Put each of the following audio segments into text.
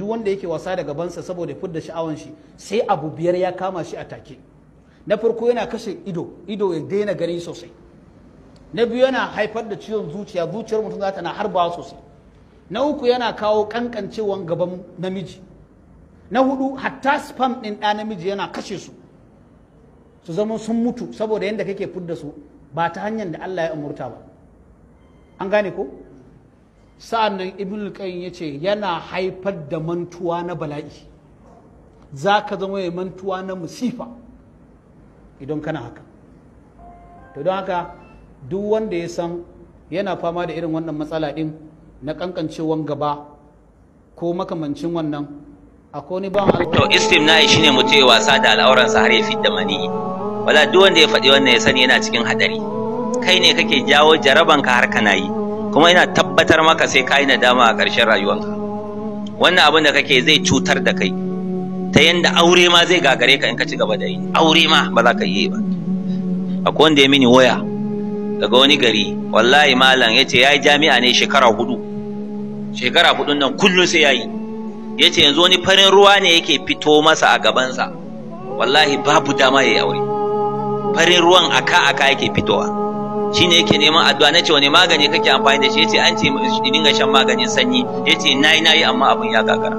duk wanda yake wasa da gabansa saboda fidda sha'awan shi sai abu biyar ya kama shi a take na farko yana kashe ido ido ya daina gani sosai na biyu yana haifar da ciwon zuciya zuciyar mutum za ta na harbawa sosai na uku yana kawo kankancewan gaban namiji na hudu hatta spam ɗin ɗa namiji yana kashe su su zama sun mutu saboda yadda kake fidda su ba ta hanyar da Allah ya umurta ba an gane ko sa'an nan ibn qayyim ya ce yana haifar da mantuwa na bala'i za ka zama mai mantuwa na musifa idan kana haka to don haka duk wanda ya san yana fama da irin wannan matsala ɗin na kankancewan gaba ko makamancin wannan akwai wani ban to istimna'i shi ne ya wasa da al'auransa har ya fidda mani wala duk wanda ya faɗi wannan ya sani yana cikin hadari kai ne kake jawo jarabanka har kana yi kuma ina tabbatar maka sai ka yi nadama a ƙarshen rayuwarka wannan abin da kake zai cutar da kai ta yanda aure ma zai gagare ka in ka ci gaba da yi aure ma ba za ka yi ba akwai wanda ya mini waya daga wani gari wallahi malam ya ce ya yi jami'a ne shekara hudu shekara hudun nan kullum sai ya yi ya ce yanzu wani farin ruwa ne yake fito masa a gabansa wallahi babu dama ya yi aure farin ruwan aka aka yake fitowa shine yake neman addu'a nace wani magani kake amfani da shi yace an ce mu dinga shan maganin sanyi yace nayi nayi amma abun ya gagara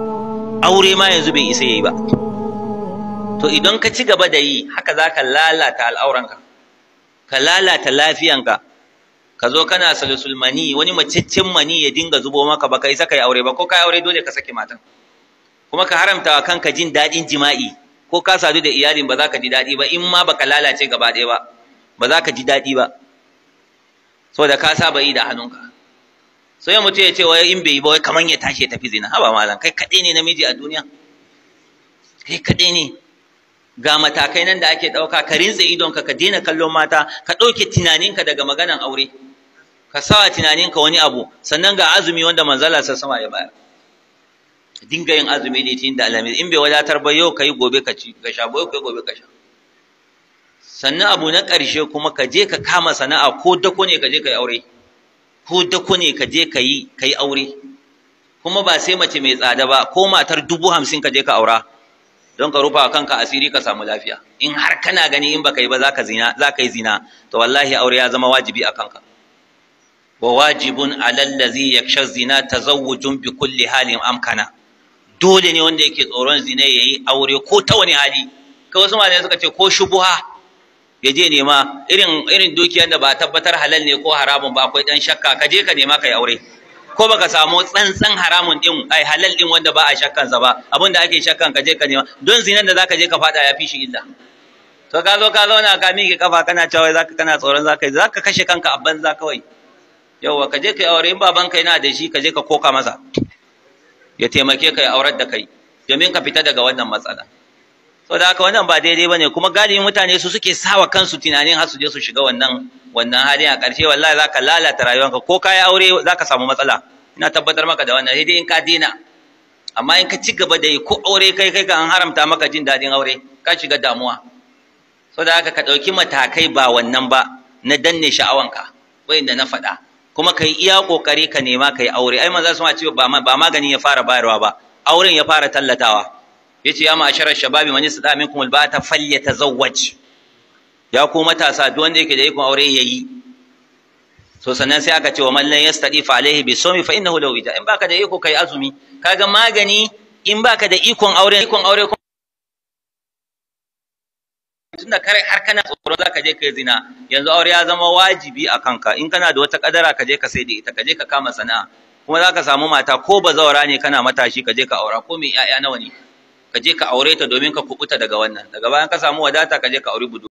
aure ma yanzu bai isa yayi ba to idan ka ci gaba da yi haka zaka lalata al'auranka ka lalata lafiyanka ka zo kana salisul mani wani maciccin mani ya dinga zubo maka ba ka isa kai aure ba ko kai aure dole ka sake matan kuma ka haramta wa kanka jin daɗin jima'i ko ka sadu da iyalin ba za ka ji daɗi ba in ma baka lalace gaba ɗaya ba ba za ka ji daɗi ba so da ka saba yi da hannunka sai mutu ya ce wai in bai yi ba wai kamar ya tashi ya tafi zina haba malam kai kaɗai ne namiji a duniya kai kaɗai ne ga matakai nan da ake ɗauka ka rinsa idonka ka daina kallon mata ka ɗauke tunaninka daga maganan aure ka sawa tunaninka wani abu sannan ga azumi wanda manzala sa sama ya bayar dinga yin azumi tun da alhamis in bai wadatar ba yau ka yi gobe ka ci ka sha yau ka gobe ka sha sannan abu na ƙarshe kuma ka je ka kama sana'a ko dako ne ka je ka yi aure ko dako ne ka je ka yi aure kuma ba sai mace mai tsada ba ko matar dubu hamsin ka je ka aura don ka rufa kanka asiri ka samu lafiya in har kana gani in baka yi ba zaka zina zaka yi zina to wallahi aure ya zama wajibi a kanka wa wajibun alal ladzi yakshaz zina tazawwujun bi kulli halin amkana dole ne wanda yake tsoron zina yayi aure ko ta wani hali kai wasu malamai suka ce ko shubuha ya je nema irin irin dukiyar da ba tabbatar halal ne ko haramun ba akwai dan shakka ka je ka nema kai aure ko baka samu tsantsan haramun din ai halal din wanda ba a shakkan sa ba abinda ake shakkan ka je ka nema don zinan da zaka je ka fada ya fi shi illa to ka zo ka zauna ka miƙe kafa kana cewa zaka kana tsoron zaka yi zaka kashe kanka a banza kawai yauwa ka je kai aure in baban kai na da shi ka je ka koka masa ya taimake kai aurar da kai domin ka fita daga wannan matsala saboda haka wannan ba daidai bane kuma galibin mutane su suke sawa kansu tunanin har su je su shiga wannan wannan halin a ƙarshe wallahi zaka lalata rayuwanka ko ka yi aure zaka samu matsala ina tabbatar maka da wannan sai in ka dina amma in ka ci gaba da yi ko aure kai kai ka an haramta maka jin dadin aure ka shiga damuwa saboda haka ka ɗauki matakai ba wannan ba na danne sha'awanka wayanda na faɗa kuma ka yi iya ƙoƙari ka nema ka yi aure ai manzo sun ce ba maganin ya fara bayarwa ba auren ya fara tallatawa yace ya ma'asharar shababi man yasda minkum albata falyatazawwaj ya ko matasa duk wanda yake da ikon aure yayi so sannan sai aka ce wa man lan yastadi fa alaihi bi sawmi fa innahu lahu wija in baka da iko kai azumi kaga magani in baka da ikon aure ikon aure tunda kare har kana tsoro zaka je kai zina yanzu aure ya zama wajibi a kanka in kana da wata kadara ka je ka sai da ita ka je ka kama sana'a kuma zaka samu mata ko bazawara ne kana matashi ka je ka aura ko mai 'ya'ya nawa ne ka je ka aure ta domin ka kubuta daga wannan daga bayan ka samu wadata ka je ka auri budurwa